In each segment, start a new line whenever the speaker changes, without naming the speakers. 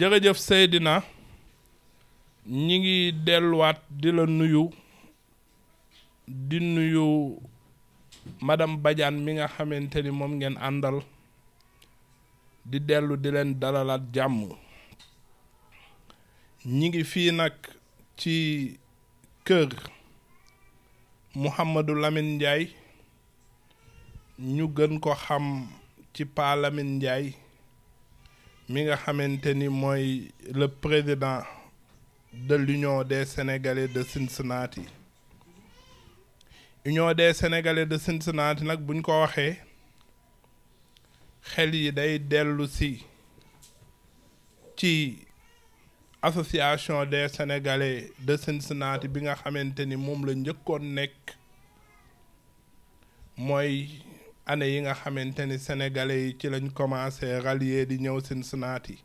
jërëjëf Seydina ñi ngi delluwaat di la nuyu di nuyu madame Badiane mi nga xamante ni moom ngeen àndal di dellu di leen dalalaat jàmm ñi ngi fii nag ci kër Mouhamadou Lamine njaay ñu gën ko xam ci Pa Lamine Ndiaye mi nga xamante ni mooy le président de l'Union des Sénégalais de Cincinnati Union des Sénégalais de Cincinnati nag buñ ko waxee xel yi day dellu si ci association des Sénégalais de Cincinnati bi nga xamante ni moom la njëkkoon nekk mooy année yi nga xamante ni sénégalais yi ci lañ commencé rallier di ñëw Cincinnati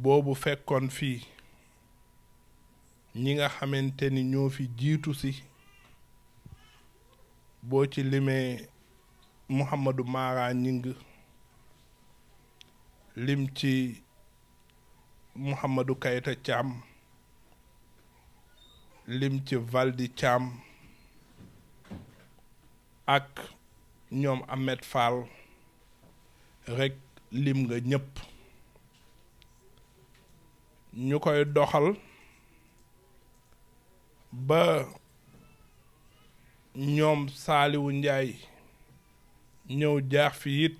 boobu fekkoon fii ñi nga xamante ni ñoo fi jiitu si boo ci limee Mouhamadou Mara Ñing lim ci Mouhamadou Kayta Thiam lim ci Valdi Thiam ak ñoom Ahmed Fall rek lim nga ñëpp ñu koy doxal ba ñoom Saaliwu Njaay ñëw jaax fi it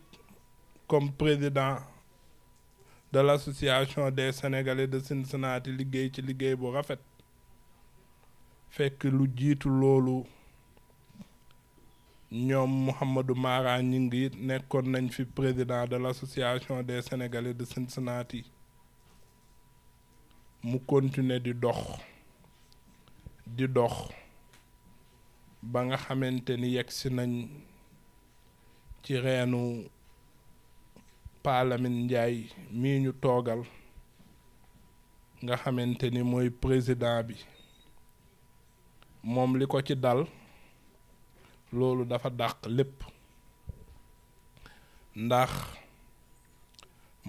comme président de l'association de Sénégalais de Cincinnati liggéey ci liggéey bu rafet fekk lu jiitu loolu ñoom Mouhamadou Mara ñi ngi nekkoon nañ fi président de l'association des Sénégalais de Cincinnati mu continuer di dox di dox ba nga xamante ni yegsi nañ ci reenu Palamin Njaay mi ñu toogal nga xamante ni mooy président bi moom li ko ci dal loolu dafa dàq lépp ndax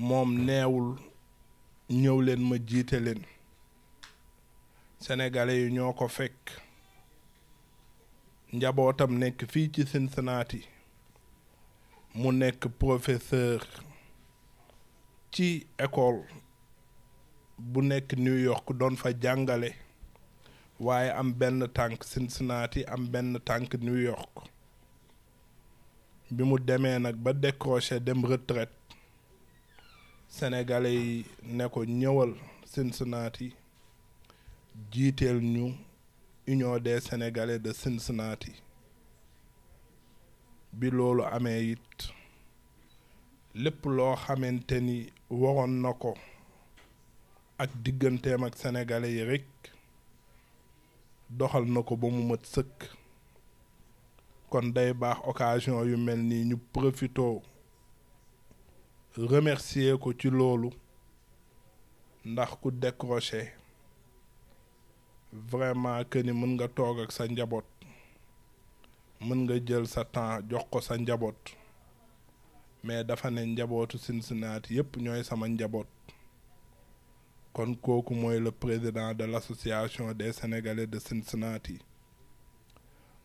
moom neewul ñëw leen ma jiite leen senegale yi ñoo ko fekk njabootam nekk fii ci Cincinnati mu nekk professeur ci école bu nekk New York doon fa jàngale waaye am benn tànk Cincinnati am benn tànk New York bi mu demee nag ba décroché dem retraite sénégalais yi ne ko ñëwal Cincinnati jiiteel ñu Union de Sénégalais de Cincinnati bi loolu amee it lépp loo xamante ni waroon na ko ak digganteem ak sénégalais yi rek doxal na ko ba mu mat sëkk kon day baax occasion yu mel nii ñu profitoo remercier ko ci loolu ndax ku décroché vraiment que ni mën nga toog ak sa njaboot mën nga jël sa temps jox ko sa njaboot mais dafa ne njabootu sinsinaat yépp ñooy sama njaboot kon kooku mooy le président de l'association des sénégalais de Cincinnati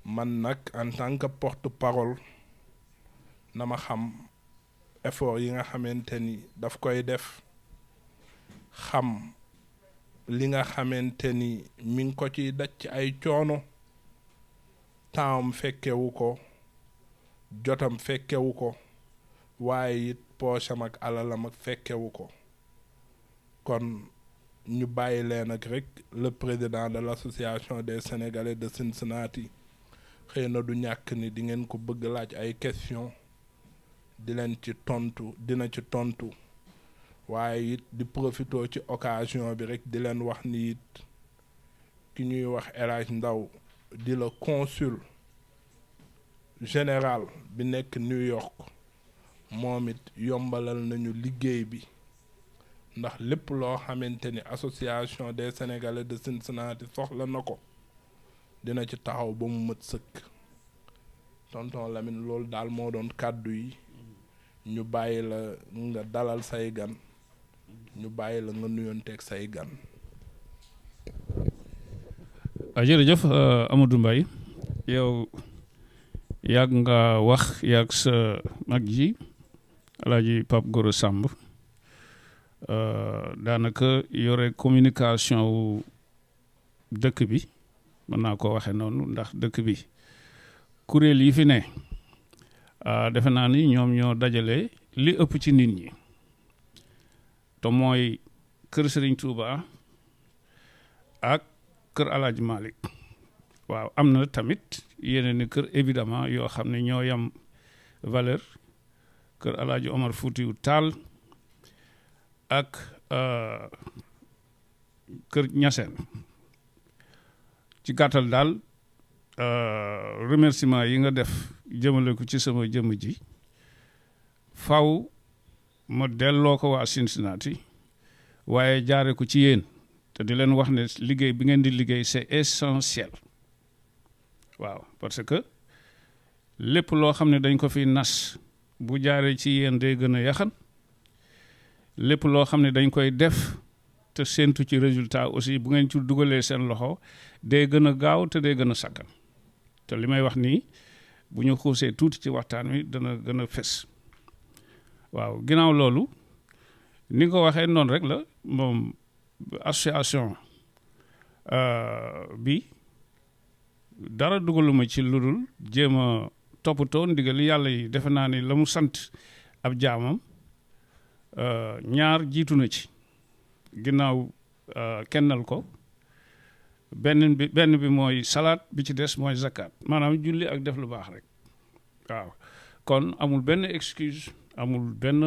man nag en tant que porte-parole na ma xam effort yi nga xamante ni daf koy def xam li nga xamante ni mi ngi ko ci daj ay coono temps tempsam fekkewu ko jotam fekkewu ko waaye it poosam ak alalam ak fekkewu ko kon ñu bàyyi leen ak rek le président de l'association des Sénégalais de Cincinnati xëy na du ñàkk ni di ngeen ko bëgg laaj ay question di leen ci tontu dina ci tontu waaye it di profitoo ci occasion bi rek di leen wax ni it ki ñuy wax El ndaw Ndao di la consul général bi nekk New York moom it yombalal nañu liggéey bi ndax lépp loo xamante ni association des sénégalais de Cincinnati soxla na ko dina ci taxaw ba mu mët sëkk tonton Lamine loolu daal moo doon kàddu yi ñu bàyyi la nga dalal say gan ñu bàyyi la nga nuyonteeg say gan.
a ah, jërëjëf euh, Amadou Mbaye yow yàgg nga wax yàgg sa mag ji Alaaji Pape Gora Samb. Euh, daanaka yore communication wu dëkk bi mën naa ko waxe noonu ndax dëkk bi kuréel yi fi ne euh, defe naa ni ñoom ñoo dajale li ëpp ci nit ñi te mooy kër sëriñ Touba ak kër El Hadj waaw am na tamit yeneen i kër évidemment yoo xam ne ñoo yam valeur kër El Hadj Omar Foutiou Tall ak euh, kër Ñaseen ci gàttal daal euh, remerciement yi nga def jëmale ko ci sama jëmm ji faw ma delloo ko waa Cincinnati waaye jaare ko ci yéen te di leen wax ne liggéey bi ngeen di liggéey c'est essentiel waaw parce que lépp loo xam ne dañ ko fi nas bu jaaree ci yéen day gën a yaxan lépp loo xam ne dañ koy def te séentu ci résultat aussi bu ngeen ci dugalee seen loxo day gën a gaaw te day gën a sakkan te li may wax nii bu ñu xuusee tuuti ci waxtaan wi dana gën a fes waaw ginnaaw loolu ni nga ko waxee noonu rek la moom association euh, bi dara dugaluma ci lu dul jéem a toppatoo ndigal yàlla yi defe naa ni la mu sant ab jaamam Euh, ñaar jiitu na ci ginnaaw euh, kennal ko benn bi bi mooy salaat bi ci des mooy zakat maanaam julli ak def lu baax rek waaw kon amul benn excuse amul benn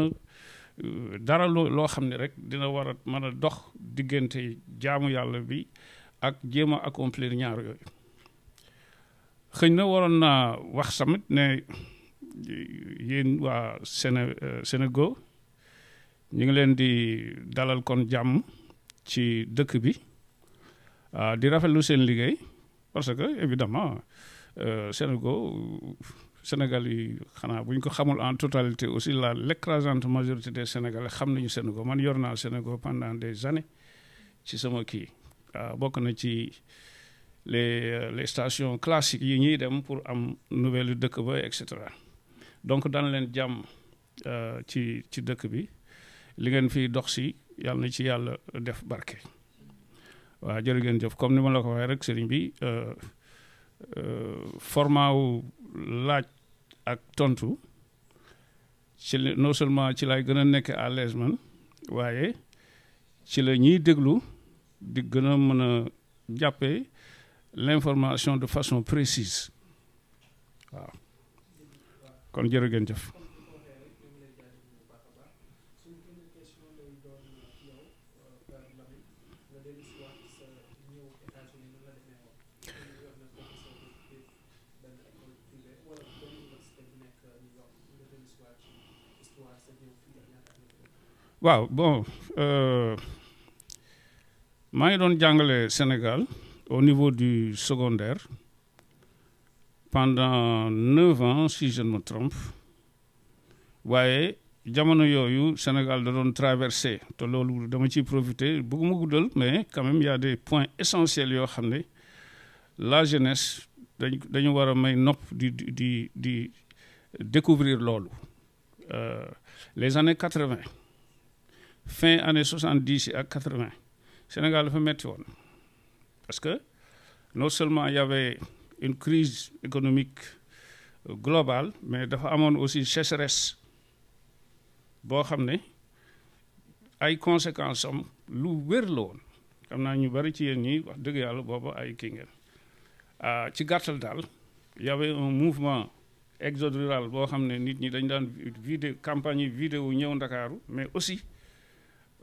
euh, dara loo xam ne rek dina war a mën a dox diggante jaamu yàlla bi ak jéem a accomplir ñaar yooyu xëñ na waroon naa wax samit ne yéen waa Séné Sénégal ñu ngi leen di dalal kon jàmm ci dëkk bi ah, di rafetlu seen liggéey parce que évidemment euh, Sénégal Sénégal yi xanaa bu ñu ko xamul en totalité aussi la l'écrasante majorité des Sénégalais xam nañu Sénégal man yor naa Sénégal pendant des années ci sama kii ah, bokk na ci les euh, les stations classiques yi ñuy dem pour am nouvelle dëkk ba et cetera donc daan leen jàmm euh, ci ci dëkk bi. li ngeen fi dox si yàlla na ci yàlla def barke. waa jërë ngeen jëf comme ni ma la ko waxee rek sëriñ bi euh, euh, format wu laaj ak tontu ci non seulement ci laay gën a nekke à l'aise man waaye ci la ñuy déglu di gën a mën a jàppee l'information de façon précise waaw kon jërë ngeen jëf. waaw bon euh, maa ngi doon jàngale Sénégal au niveau du secondaire pendant neuf ans si je ma tromp waaye jamono yooyu Sénégal da doon traversé te loolu dama ciy profité bëgguma guddal mais quand même y a des point essentiels yoo xam ne la jeunesse dañ dañu war a may nopp di di di découvrir loolu euh, les années quatre-vingt fin année soixante dix yi ak quatre vingt Sénégal dafa metti woon parce que non seulement y une crise économique euh, globale mais dafa amoon aussi sécheresse boo xam ne ay conséquences am lu wér la woon xam naa ñu bari ci yéen ñi wax dëgg yàlla booba ay kii ngeen ah, ci gàttal daal y avait un mouvement exode rural boo xam ne nit ñi dañu daan vidéo campagne yi vidéo ñëw Ndakaaru mais aussi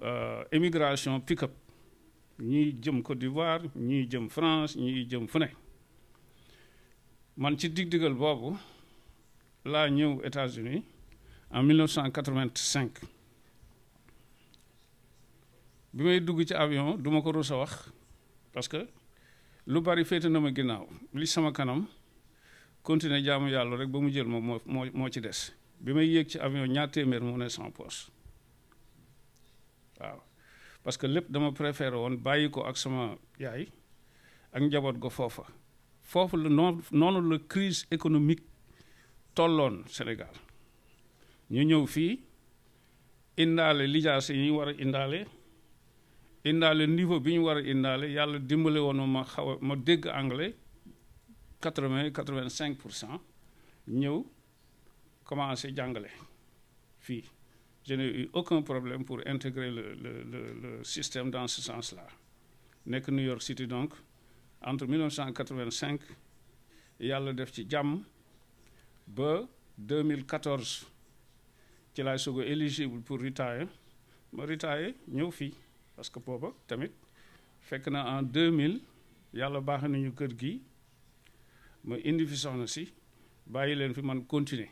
Euh, émigration pick-up ñii jëm Côte d'Ivoire ñii jëm France ñii jëm fu ne man ci dig-digal boobu laa ñëw États-Unis en 1985 bi may dugg ci avion duma ma ko rus wax parce que lu bari féete na ma ginnaaw li sama kanam continuer jaamu yàlla rek ba mu jël ma moo moo ci des bi may yéeg ci avion ñaar téeméer mu ne sans poche waaw parce que lépp dama préféré woon bàyyi ko ak sama yaay ak njaboot ko foofa foofu la noonu noonu la crise économique tolloon Sénégal ñu ñëw fii indaale lijaase yi ñu war a indaale indaale niveau bi ñu war a indaale yàlla dimbale woon ma xaw ma dégg anglais quatre-vingt quatre-vingt-cinq pour cent ñëw commencé jàngale fii je n'ai eu aucun problème pour intégrer le, le, le, le système dans ce sens-là. Nekk New York City donc, entre 1985, yàlla def ci jàmm ba 2014 ci laay soog a éligible pour retire ma retire ñëw fii parce que booba tamit fekk na en 2000 yàlla baax nañu kër gi ma indi fi si bàyyi leen fi man continuer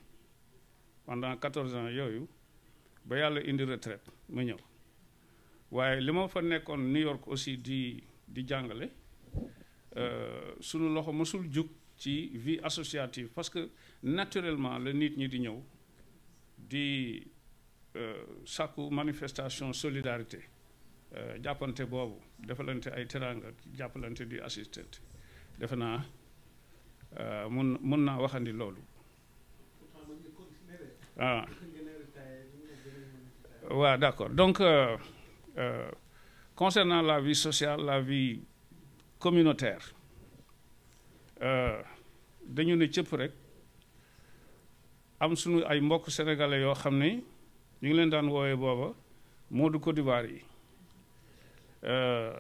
pendant 14 ans yooyu ba yàlla indi retraite ma ñëw waaye li ma fa nekkoon New York aussi di di jàngale euh, sunu loxo mësul jug ci vie associative parce que naturellement la nit ñi di ñëw di euh, sàkku manifestation solidarité euh, jàppante boobu defalante ay teranga jàppalante di assistante defe naa mun mun naa waxandi loolu ah waaw d'accord donc euh, euh, concernant la vie sociale la vie communautaire euh, dañu ne cëpp rek am sunu ay mbokk sénégalais yoo xam ne ñu ngi leen daan woowee booba moo du Côte d'Ivoire yi euh,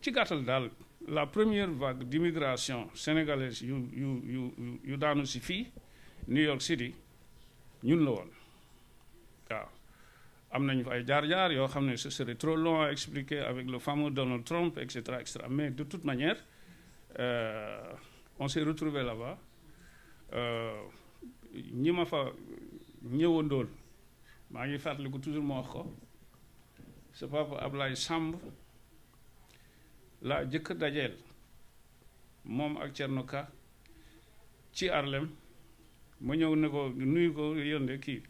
ci gàttal daal la première vague d'immigration sénégalaise yu yu yu yu daanu si fii New York City ñun la woon waaw am nañu ay jaar-jaar yoo xam ne ce serait trop long à expliquer avec le fameux Donald Trump et cetera et cetera mais de toute manière euh, on s'est retrouvé là-bas euh, ñi ma fa ñëwandool maa ngi fàttaliku toujours ma wax ko sa papa Ablaye Samb laa jëkk dajeel moom ak Thierno ci Harlem ma ñëw ne ko nuyu ko yónde kii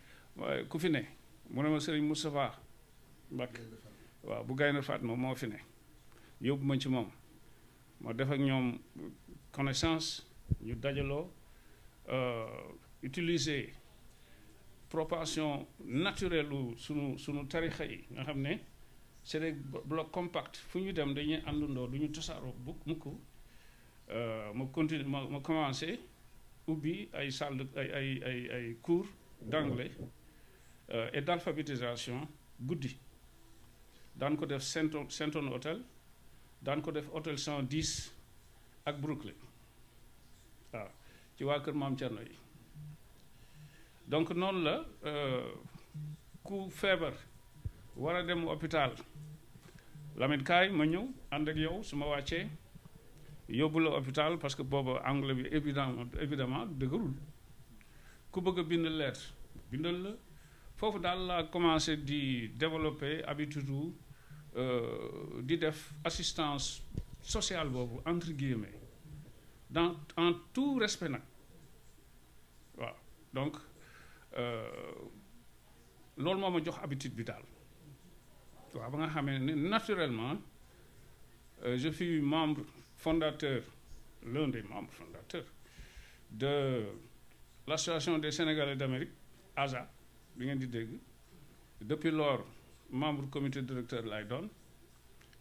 ku fi ne mu ne ma sëriñ Moustapha Mbacke waaw bu Gaynde Fatma moo fi ne yóbbu ma ci moom ma def ak ñoom connaissance ñu dajaloo euh, utiliser propension naturelle lu sunu sunu tarixa yi nga xam ne c'est des blocs compacts fu ñu dem dañuy àndandoo du ñu tasaaroo bu mukk euh, ma continue ma ma commencé ubbi ay salle ay ay ay ay cours d'anglais Euh, et d'alphabétisation guddi daan ko def Senton Senton Hotel daan ko def Hôtel 110 ak Brooklyn waaw ci waa kër maam Thierno yi donc noonu la euh, ku feebar war a dem hôpital Lamine kaay ma ñëw ànd ak yow su ma wàccee yóbbu la hôpital parce que booba anglais bi évidemment évidemment dëgërul ku bëgg a bind lettre bindal la foofu daal laa commencé di développer habitude euh, di def assistance sociale boobu entre guillemets dans en tout respect nag waaw donc euh, loolu moo ma jox habitude bi daal waaw ba nga xamee ne naturellement euh, je suis membre fondateur l'un des membres fondateurs de l'association des Sénégalais d'Amérique ASA bi ngeen di dégg depuis lors membre comité directeur laay doon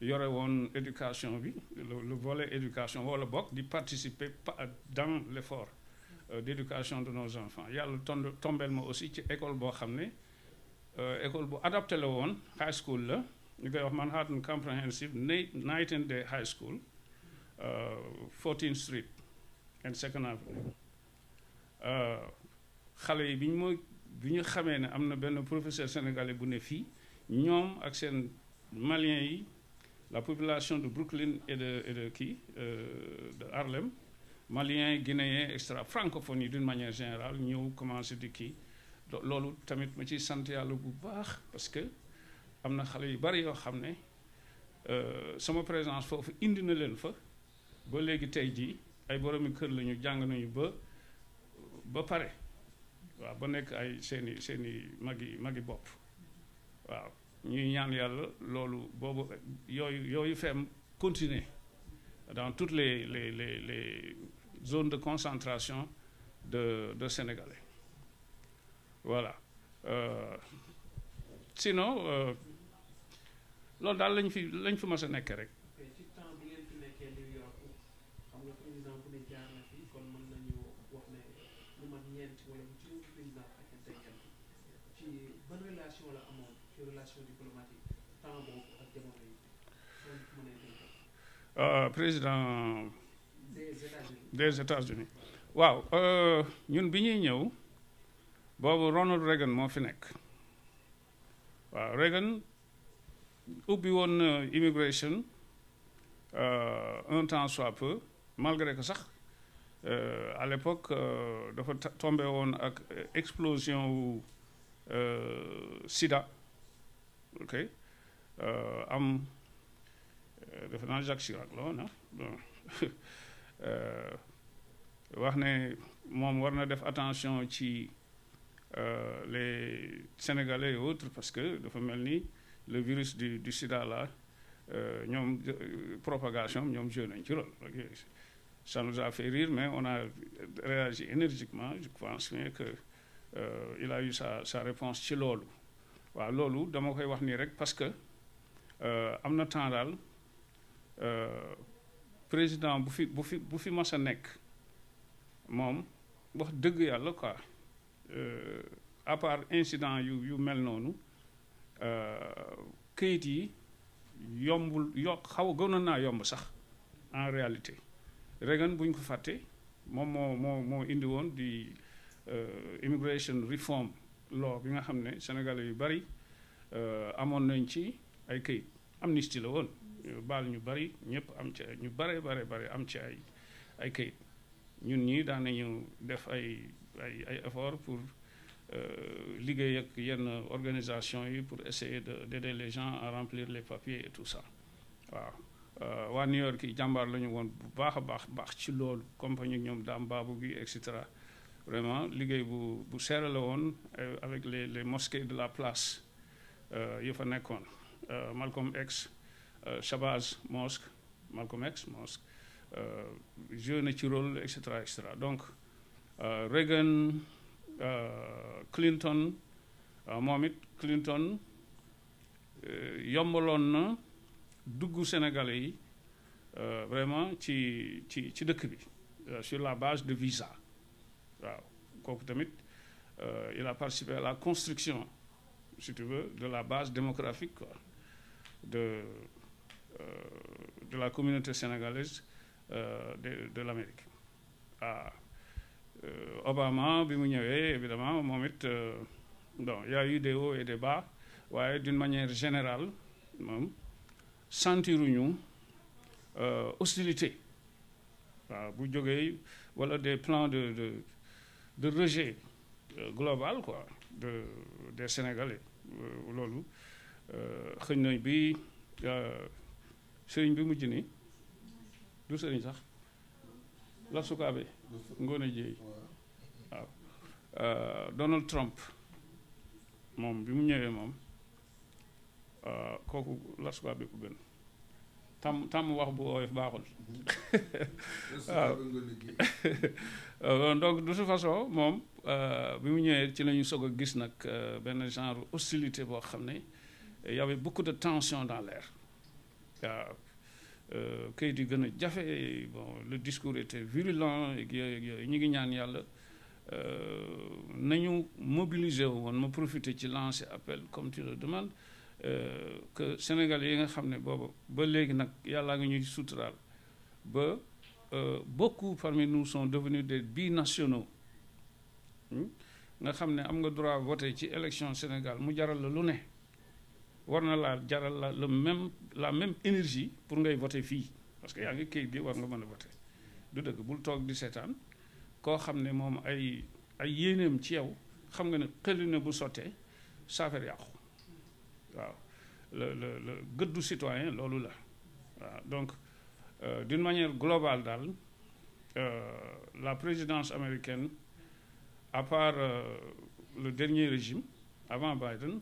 yore woon éducation bi le volet éducation wala bokk di participer dans l'effort euh, d'éducation de nos enfants yàlla tombe tombeel ma aussi ci école boo xam ne euh, école bu adapté la woon high school la ñu koy wax Manhattan Comprehensive Night and Day High School 14th euh, Street and Second Avenue xale yi bi ñu ma bi ñu xamee ne am na benn professeur sénégalais bu ne fii ñoom ak seen malien yi la population de Brooklyn et de et de kii euh, de Harlem malien guinéens extra francophones yi d'une manière général ñëw commencé di kii loolu tamit ma ci sant yàlla bu baax parce que am na xale yu bari yoo xam ne euh, sama présence foofu indi na leen fa ba léegi tey jii ay boromi kër lañu jàng nañu ba ba pare waaw ba nekk ay seen i seen i magi bopp waaw ñuy ñaan yàlla loolu boobu yooyu yooyu feem continuer dans toutes les les les les zones de concentration de de Sénégalais voilà euh, sinon euh, loolu daal lañ fi lañ fi mës a nekkee rek Euh, président des États-Unis waaw euh, ñun bi ñuy ñëw boobu Ronald Reagan moo fi nekk waaw Reagan ubbi woon immigration euh, un temps soit peu malgré que sax à l'époque dafa tombé woon ak explosion wu sida ok am Euh, defe naa Jacques Chirac la woon ah, euh, wax ne moom war na def attention ci euh, les sénégalais et autres parce que dafa mel ni le virus du du la là ñoom propagation ñoom joué nañ ci rôle ça nous a fait rire mais on a réagi énergiquement je pense mais que euh, il a eu sa sa réponse ci loolu waaw loolu dama koy wax nii rek parce que am na temps daal Euh, président bu fi bu fi bu fi masa nekk moom wax dëgg yàlla quoi euh, à part incident yu yu mel noonu euh, kayit yi yombul yo xaw a gënoon naa yomb sax en réalité Reagan buñ ko fàtte moom moo moo moo indi woon di immigration reform law bi nga xam ne sénégalais yu bari amoon nañ ci ay kayit amnistie la woon baal ñu bari ñëpp am ci ñu bare bare bare am ci ay ay kayit ñun ñii daan ñu def ay ay ay effort pour euh, liggéey ak yenn organisation yi pour essayer de d'aider les gens à remplir les papiers et sax waaw euh, waa New York yi jàmbaar la woon bu baax a baax baax ci loolu compagnie ñoom daam baabu gi et cetera vraiment liggéey bu bu serré woon euh, avec les les mosquées de la place yi fa nekkoon Malcolm X Euh, Shabazz Mosque Malcolm X Mosque euh, joué na ci rôle et cetera et cetera donc euh, Reagan Clinton moom it Clinton yombaloon na dugg Sénégalais yi vraiment ci ci ci dëkk bi sur la base de visa waaw kooku tamit il a participé à la construction si tu veux de la base démographique quoi de Euh, de la communauté sénégalaise euh, de de l'Amérique ah euh, Obama bi mu ñëwee évidemment moom it bon y a eu des et des bas waaye d'une manière générale moom sentiruñu hostilité waaw bu jógee wala des plans de de de rejet global quoi de des Sénégalais loolu xëy na bi. sëriñ bi mujj ni du sëriñ sax la sukaabe ngoone jéey waaw euh, Donald Trump moom bi mu ñëwee moom euh, kooku las ko bi ko gën tàmm tàmm wax bu oyof baaxul waaw euh, donc de toute façon moom bi mu ñëwee ci lañuy ñu soog a gis nag benn genre hostilité boo xam ne y avait beaucoup de tension dans l'air waaw euh, kayit yi gën a jafe bon le discours était virulent ak yooyu ñu ngi ñaan yàlla euh, nañu mobiliser woon ma profiter ci lancer appel comme tu le demandes euh, que Sénégalais yi nga xam ne booba ba léegi nag yàllaa nga ñuy suturaal ba beaucoup parmi nous sont devenus des binationaux hmm? nga xam ne am nga droit voter ci élection Sénégal mu jaral la lu ne war na laa jaral la le même la même énergie pour ngay voter fii parce que yaa ngi kayit gi war nga mën a voter du dëgg bul toog di seetaan koo xam ne moom ay ay yéeneem ci yow xam nga ne xëli na bu sottee saafara yàqu waaw le le gëddu citoyen loolu la waaw donc euh, d'une manière globale daal euh, la présidence américaine à part euh, le dernier régime avant Biden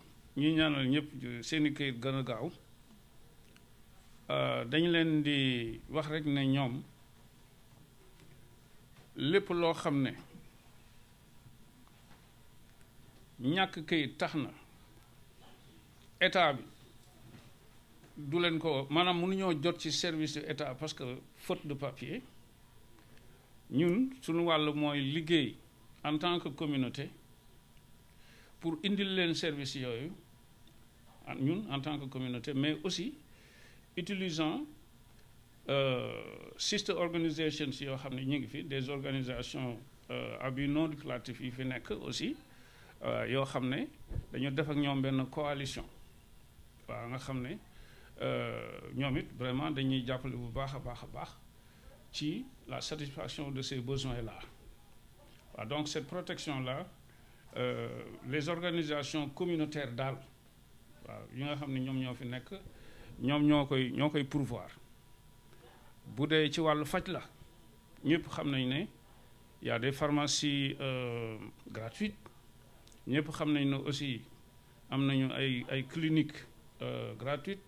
ñu ñaanal ñëpp seeni i këyit gën a gaaw euh, dañu leen di wax rek ne ñoom lépp loo xam ne ñàkk këyit tax na état bi du leen ko maanaam mënuñoo jot ci service de état parce que faute de papier ñun suñu wàll mooy liggéey en tant que communauté pour indil leen service yooyu ah, ñun en tant que communauté mais aussi utilisant euh, sister organisations yoo xam ne ñu ngi fi des organisations à euh, but non lucratif yi fi nekk aussi euh, yoo xam ne dañu def ak ñoom benn coalition waa nga xam ne ñoom it vraiment dañuy jàppale bu baax a baax a baax ci la satisfaction de ces besoins là waaw donc cette protection là Euh, les organisations communautaires daal waaw yi nga xam ne ñoom ñoo fi nekk ñoom ñoo koy ñoo koy pourvoir bu dee ci wàllu faj la ñëpp xam nañ ne y a des pharmacies euh, gratuites ñëpp xam nañ ne aussi am nañu ay ay cliniques euh, gratuites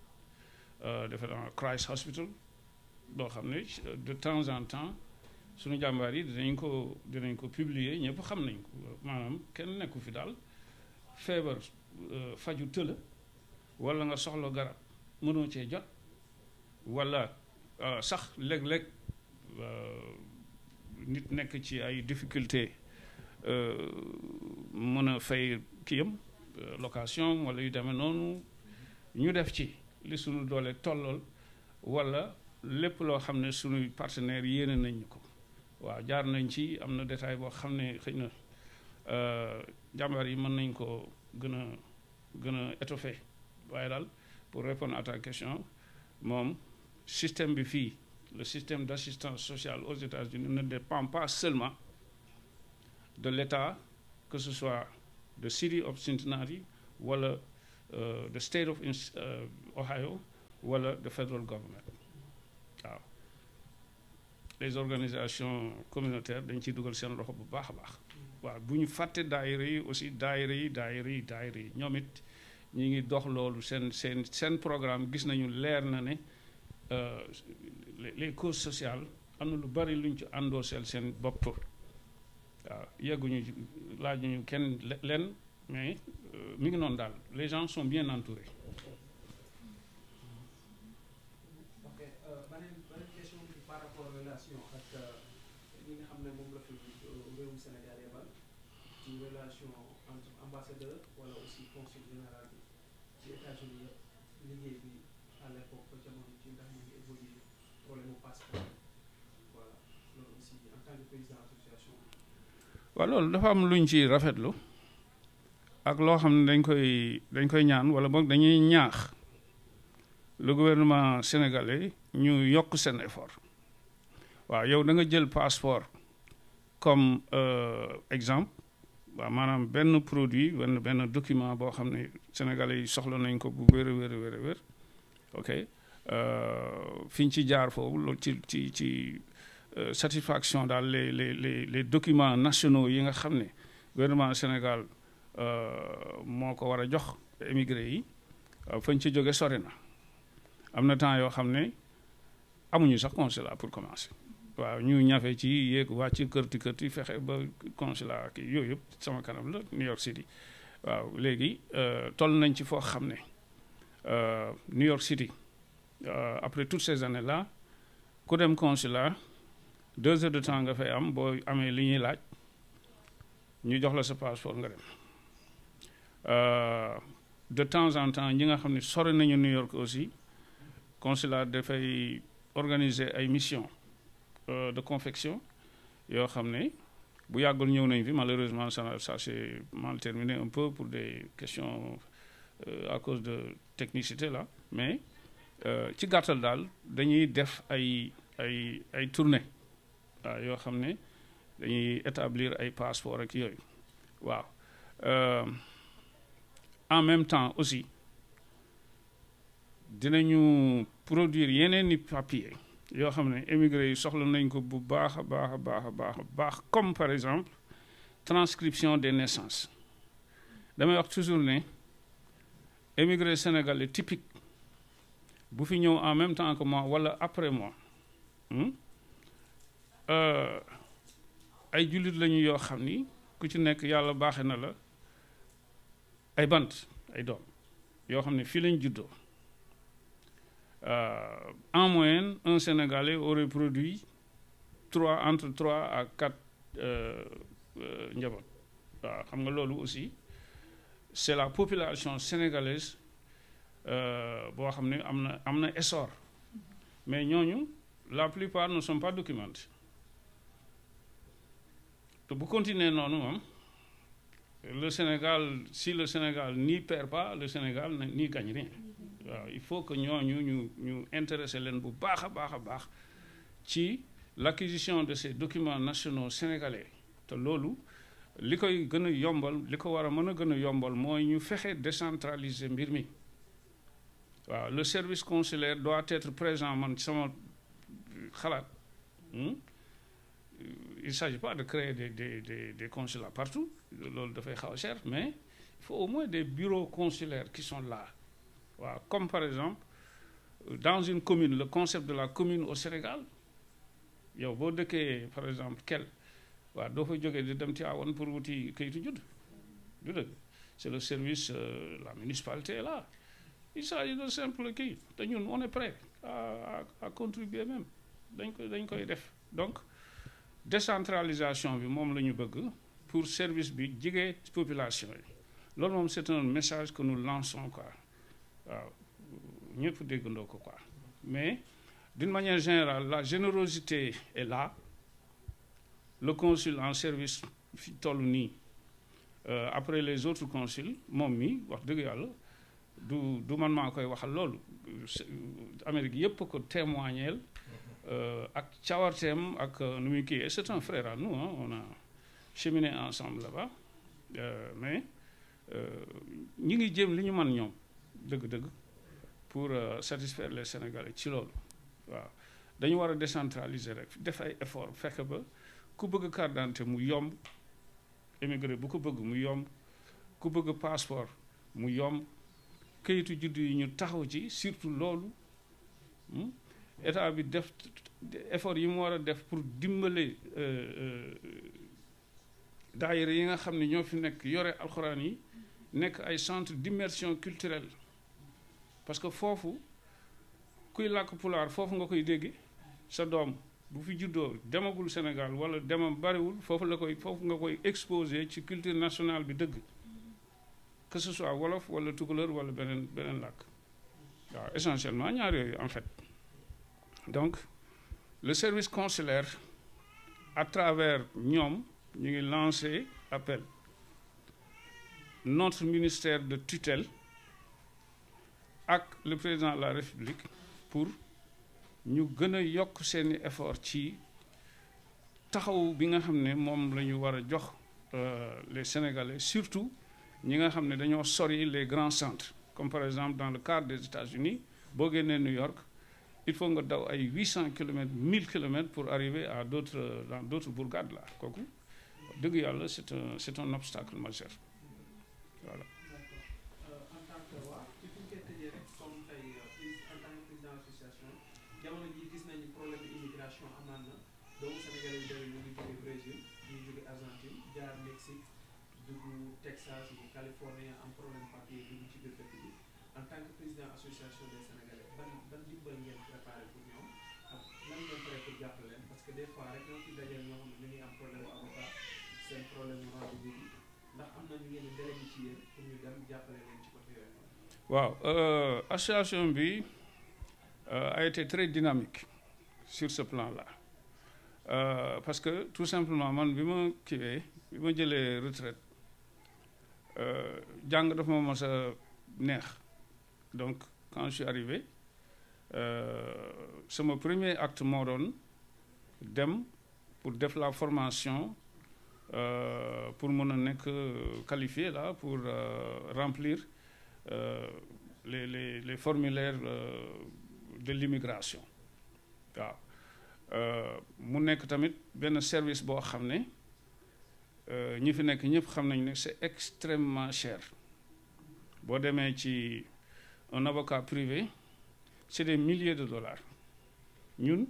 defe naa Christ Hospital boo xam ne de temps en temps suñu jàmbaar yi dinañ ko dinañ ko publier ñëpp xam nañ ko maanaam kenn nekku fi daal feebar euh, faju tëla walla nga soxla garab mënoo cee jot wala euh, sax léeg-léeg euh, nit nekk ci ay difficulté mën a fay kiyam location wala yu demee noonu ñu def ci li suñu doolee tollool wala lépp loo xam ne suñuy partenaires yéene nañ ñu ko waaw jaar nañ ci am na détail boo xam ne xëy na euh, jàmbaar yi mën nañ ko gën a gën a étoffé waaye daal pour répondre à ta question moom système bi fii le système d'assistance sociale aux États-Unis ne dépend pas seulement de l'État que ce soit de City of Cincinnati wala euh, de State of euh, Ohio wala de federal government les organisations communautaires dañ ciy dugal seen loxo bu baax a baax waaw bu ñu fàttee daayira yi aussi daayira yi daayira yi daayira yi ñoom it ñu ngi dox loolu seen seen seen programme gis nañu leer na ne euh, les causes sociales am na lu bari lu ñu ci àndooseel seen bopp waaw laaj laajuñu kenn lenn mais euh, mi ngi noonu daal les gens sont bien entourés
ambassadeur wala aussi consul général bi ci États-Unis
dafa am luñ ci rafetlu ak loo xam ne dañ koy dañ koy ñaan wala boog dañuy ñaax le gouvernement sénégalais ñu yokk seen effort waa yow da nga jël passeport comme euh, exemple waaw maanaam benn produit benn benn document boo xam ne sénégalais yi soxla nañ ko bu wér a wér wér wér ok euh, fi ñu ci jaar foofu loolu ci ci ci euh, satisfaction daal les les les les documents nationaux yi nga xam ne gouvernement Sénégal euh, moo ko war a jox émigré yi fañ ci jóge sori na am na temps yoo xam ne amuñu sax consulat pour commencer. waaw ñu ñafe ci yéeg wàcc kërti kërti fexe ba consulat kii yooyu yëpp sama kanam la New York City waaw léegi euh, toll nañ ci foo xam ne euh, New York City euh, après toutes ces années la ku dem consulat deux heures de temps nga fay am boo amee li ñuy laaj ñu jox la sa passeport nga de temps en temps ñi nga xam ni sore nañu New York aussi consulat dafay organiser ay mission Euh, de confection yoo xam ne bu yàggul ñëw nañ fi malheureusement ça ça s'est mal terminé un peu pour de questions euh, à cause de technicité la mais euh, ci gàttal daal dañuy def ay ay ay tournée waaw yoo xam ne dañuy établir ay passeport ak yooyu waaw en même temps aussi dinañu produire yeneen i papier yoo xam ne émigré yi soxla nañ ko bu baax a baax a baax a baax baax comme par exemple transcription des naissances damay wax toujours ne émigré sénégalais typique bu fi ñëw en même temps que moi walla après moi hmm, euh, ay jullit lañu yoo xam ni ku ci nekk yàlla baaxe na la ay bant ay doom yoo xam ne fii lañ juddoo Euh, en moyen un Sénégalais aurait produit trois entre trois à quatre euh, euh, njaboot waaw xam nga loolu aussi c'est la population sénégalaise boo xam ne am na am na essor mais ñooñu la plupart ne sont pas documentés te bu continuer noonu moom le Sénégal si le Sénégal n'y perd pas le Sénégal n'y gagne rien waaw il faut que ñoo ñu ñu intéressé leen bu baax a baax a baax ci l'acquisition de ces documents nationaux sénégalais te loolu li koy gën a yombal li ko war a mën a gën a yombal mooy ñu fexe décentraliser mbir mi waaw le service consulaire doit être présent man sama xalaat hmm? il s'agit pas de créer des des des des consulats partout loolu dafay xaw a cher mais il faut au moins des bureaux consulaires qui sont là waaw comme par exemple dans une commune le concept de la commune au Sénégal yow boo dëkkee par exemple kel waaw doo fa jógee di dem Tivaouane pour wuti kayitu judd du c'est le service euh, la municipalité est là il s'agit de simple kii te on est prêt à à, à contribuer même dañ koy dañ koy def donc décentralisation bi moom la ñu bëgg pour service bi jigee population yi loolu moom c'est un message que nous lançons quoi waaw ñëpp déggandoo ko quoi mais d'une manière générale la générosité est la le consul en service fi toll nii euh, après les autres consuls moom mii wax dëgg yàlla du du man maa koy waxal loolu Amérique yëpp ko témoigneel euh, ak cawarteem ak euh, nu muy kii c'est un frère à nous hein, on a cheminé ensemble là-bas mais ñi ngi jéem li ñu man ñoom dëgg-dëgg pour euh, satisfaire les sénégal ci loolu waaw dañu war a décentraliser rek def ay effort fekk ba ku bëgg carte d'identité mu yomb émigré bu ko bëgg mu yomb ku bëgg passeport mu yomb këyitu juddu yi ñu taxaw ci surtout loolu hmm, état bi def effort yi mu war a def pour dimbale euh, euh, daayira yi nga xam ne ñoo fi nekk yore alxuraan yi nekk ay centre d'immersion culturelle parce que foofu kuy làkk pulaar foofu nga koy dégg sa doom bu fi juddoo demagul Sénégal wala demam bariwul foofu la koy foofu nga koy exposé ci culture nationale bi dëgg que soit wolof wala tukulër wala beneen beneen làkk waaw essentiellement ñaar yooyu en fait donc le service consulaire à travers ñoom ñu ngi lancé appel notre ministère de tutelle ak le président de la république pour ñu gën a yokk seeni effort ci taxaw bi nga xam ne moom la ñu war a jox euh, les sénégalais surtout ñi nga xam ne dañoo sori les grands centre comme par exemple dans le cadre des États-Unis boo génnee New York il faut nga daw ay huit cent kilomètres mille kilomètres pour arriver à d'autres dans d'autres bourgades là kooku dëgg yàlla c'est un c'est un obstacle majeur voilà jàppale leen ci waaw euh, association bi euh, a été très dynamique sur ce plan la euh, parce que tout simplement man bi ma kiwee bi ma jëlee retraite euh, jàng dafa ma mos neex donc quand je suis arrivé sama euh, premier acte moo doon dem pour def la formation Euh, pour mën a nekk euh, qualifié là pour euh, remplir les les les formulaires de l'immigration waaw mu nekk tamit benn service boo xam ne ñi fi nekk ñëpp xam nañu ne c'est extrêmement cher boo demee ci un avocat privé c'est des milliers de dollars ñun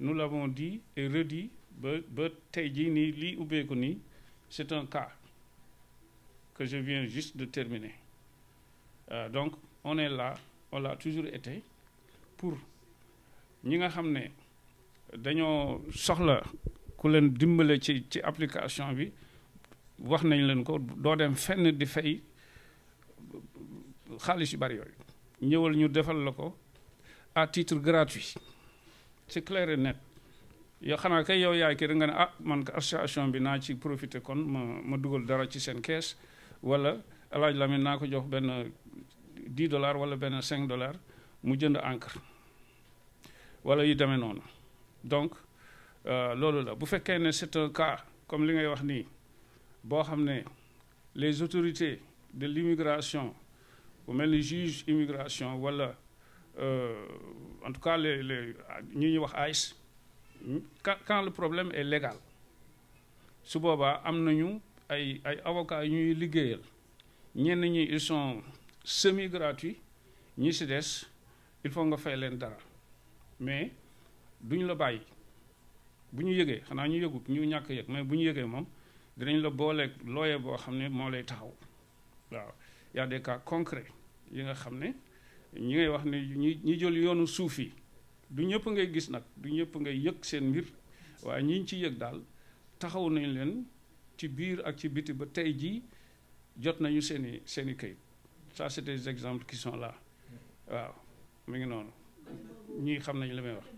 nous l'avons dit et redit ba ba tey jii nii lii ubbeeku nii c'est un cas que je viens juste de terminer euh, donc on est là on l'a toujours été pour ñi nga xam ne dañoo soxla ku leen dimbale ci ci application bi wax nañ leen ko doo dem fenn di fay xaalis yu bari yooyu ñëwal ñu defal la ko à titre gratuit c'est clair net yow xanaa kay yow yaay kii nga ne ah man ko association bi naa ci profité kon ma ma dugal dara ci seen kees wala alaaj Lamine naa ko jox benn 10 dollars wala benn 5 dollars mu jënd encre wala yu demee noonu donc euh, loolu la bu fekkee ne c'est un cas comme li ngay wax nii boo xam ne les autorités de l'immigration bu mel ni juge immigration wala euh, en tout cas les les ñi ñuy wax ICE quand le problème est légal su boobaa am nañu ay ay avocats ñuy liggéeyal ñenn ñi ils sont semi gratuits ñi si des il faut nga fay leen dara mais duñ la bàyyi bu ñu yëgee xanaa ñu yëgu ñu ñàkk yëg mais bu ñu yëgee moom danañ la booleeg looyee boo xam ne moo lay taxaw waaw y a cas concrets yi nga xam ne ñi ngay wax ne ñi ñi jël yoonu suuf yi du ñëpp ngay gis nag du ñëpp ngay yëg seen mbir waaye ñi ci yëg daal taxaw nañ leen ci biir ak ci biti ba tey jii jot nañu seeni i seen i kayit ça c'est des exemples qui sont là waaw mu ngi noonu ñii xam nañu li may wax.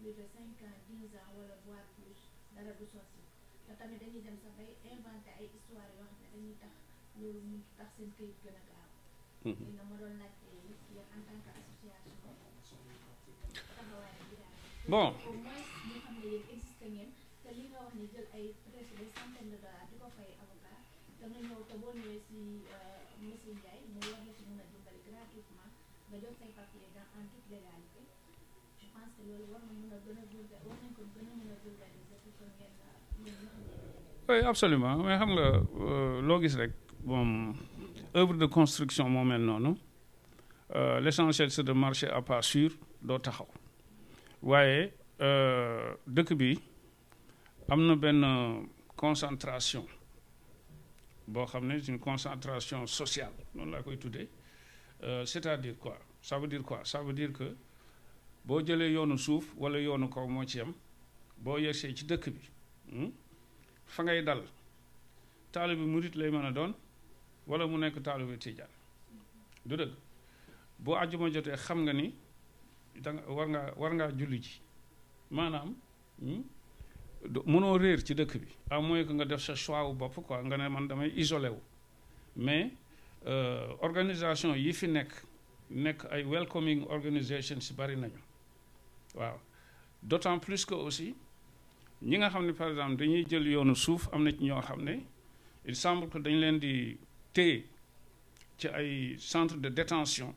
plus de cinq ans dix ans wala voire plus dara du sotti te tamit dañuy dem sax bay inventé ay histoire yoo xam ne dañuy tax loolu mun tax seen këyit gën a gaaw. Mhm. léegi nag ma doon laajte yéen en bon au moins ñu xam ne yéen existé ngeen te li nga wax ni jël ay presque des centaines di ko fay avocat da nga ñëw te boo ñëwee si euh, monsieur Ndiaye mu war la ci mën a dimbali gratuitement nga jot say papier dans en toute légalité.
oui absolument mais xam nga euh, loo gis rek bon œuvre de construction moo mel noonu euh, l' essentiel c'est de marcher à pas sûr doo taxaw waaye euh, dëkk bi am na benn concentration boo xam ne c'est une concentration sociale noonu laa koy tuddee c'est-à-dire quoi ça veut dire quoi ça veut dire que boo jëlee yoonu suuf wala yoonu kaw moo ci yem boo yegsee ci dëkk bi hmm, fa ngay dal taalibe murit lay mën a doon wala mu nekk taalibe tijaan du dëgg boo àjjuma jotee xam nga ni danga war ngaa war ngaa julli ji maanaam mënoo hmm, réer ci dëkk bi à moins que nga def sa choix wu bopp quoi nga ne man damay isolé wu mais euh, organisation yi fi nekk nekk ay welcoming si bari nañu waaw d'autant plus que aussi ñi nga xam ne par exemple dañuy jël yoonu suuf am na ci ñoo xam ne il semble que dañ leen di téye ci ay centre de détention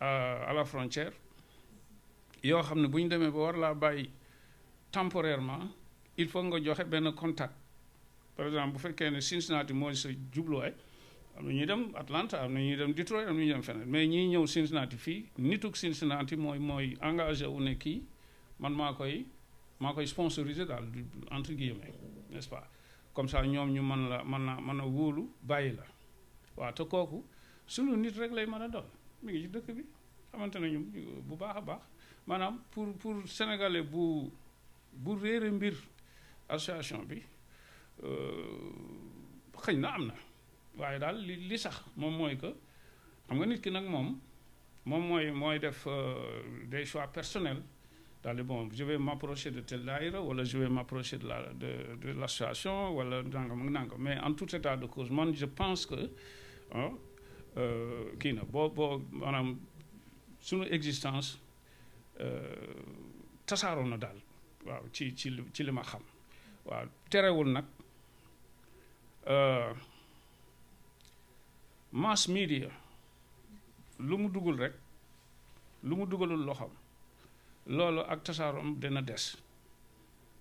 à, euh, à la frontière yoo xam ne bu ñu demee ba war laa bàyyi temporairement il faut nga joxe benn contact par exemple bu fekkee ne Cincinnati mooy sa jubluwaay am na ñuy dem Atlanta am na ñuy dem Detroit am na ñuy dem feneen mais ñuy ñëw Cincinnati fii nituk Cincinnati mooy mooy engagé wu ne kii man maa koy maa koy sponsorisé daal entre guillemets n'est-ce pas comme ça ñoom ñu mën la mën na mën a wóolu bàyyi la waaw te kooku sunu nit rek lay mën a doon mi ngi ci dëkk bi xamante nañu bu baax a baax maanaam pour pour sénégalais bu bu réere mbir association bi euh, xëy na am na waaye daal li li sax moom mooy que xam nga nit ki nag moom moom mooy mooy def euh, des choix personnel daal di bon je vais m'approcher de tel daayira wala je vais m'approcher de la de de l'association wala nangam nangam mais en tout état de cause man je pense que ah, euh, kii na boo boo maanaam sunu existence euh, tasaaroo na daal waaw ci ci ci li ma xam waaw terewul nag. mass media lu mu dugul rek lu mu dugalul loxoom loolu ak tasaaroom dina des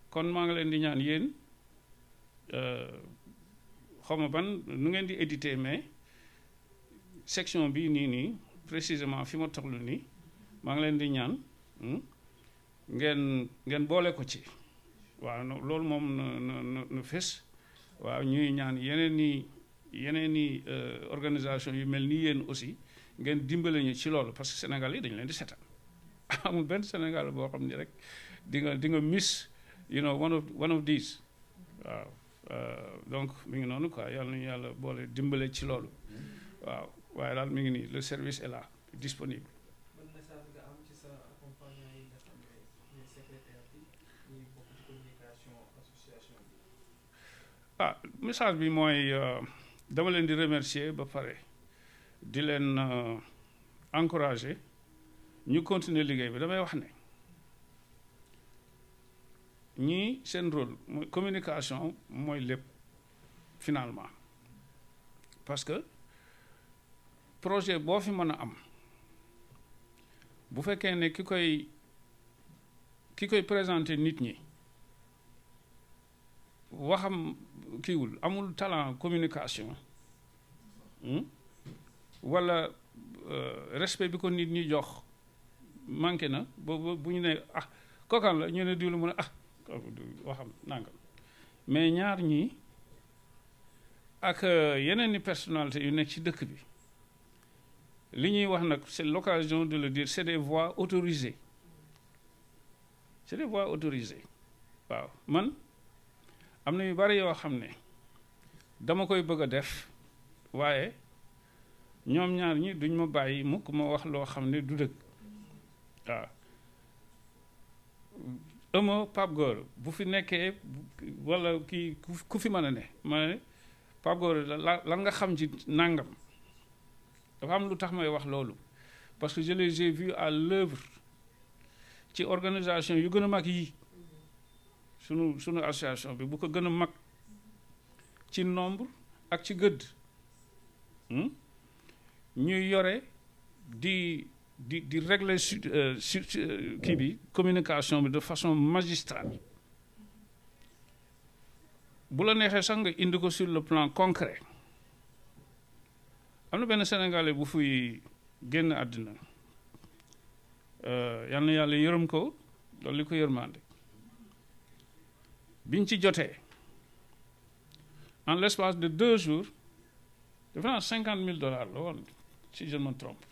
kon maa ngi leen di ñaan yéen euh, xawma ban nu ngeen di éditer mais section bi nii nii précisément fi ma toll nii maa ngi leen di ñaan hmm, ngeen ngeen boole ko ci waaw loolu moom na na na waaw ñuy ñaan yeneen nii yeneen i euh, organisation yu mel ni yéen aussi ngeen dimbale ñu ci loolu parce que Sénégal yi dañu leen di seetaan amul benn Sénégal boo xam ni rek di nga di nga miss you know one of these waaw euh, donc mu ngi noonu quoi yàlla nañu yàlla boole dimbalee ci loolu waaw waaye daal mi ngi nii le service et la disponible. Ah, message bi mooy. Euh, dama leen di remercier ba pare di leen euh, encourager ñu continuer liggéey bi damay wax ne ñii seen rôle mooy communication mooy lépp finalement parce que projet boo fi mën a am bu fekkee ne ki koy ki koy présenter nit ñi waxam kiiwul amul talent communication hmm? walla euh, respect bi ko nit ñi jox manqué na ba bu ñu ne ah kokan la ñu ne diwlu mu ne ah waxam nangam mais ñaar ñii ak euh, yeneen i personnalité yu nekk ci dëkk bi li ñuy wax nag c'est l'occasion de le dire c'est des voix autorisées c'est des voix autorisées waaw man am na yu bari yoo xam ne dama koy bëgg a def waaye ñoom ñaar ñi duñ ma bàyyi mukk ma wax loo xam ne du dëkk waaw ëma Pape Gora bu fi nekkee walla kii ku fi mën a ne ma ne Pape Gora la lan nga xam ci nàngam dafa am lu tax may wax loolu parce que je les ai vus à l'œuvre ci organisation yu gën a mag yi sunu sunu association bi bu ko gën a mag ci nombre ak ci gëdd hmm? ñuy yore di di di régler su euh, euh, kii bi communication bi de façon magistrale bu la neexee sax nga indi ko sur le plan concret am na benn sénégalais bu fuy génn àddina euh, yal na yàlla yërëm ko loolu li ko yërmande biñ ci jotee en l'espace de deux jours defe naa cinquante mille dollars la woon si je ne me trompe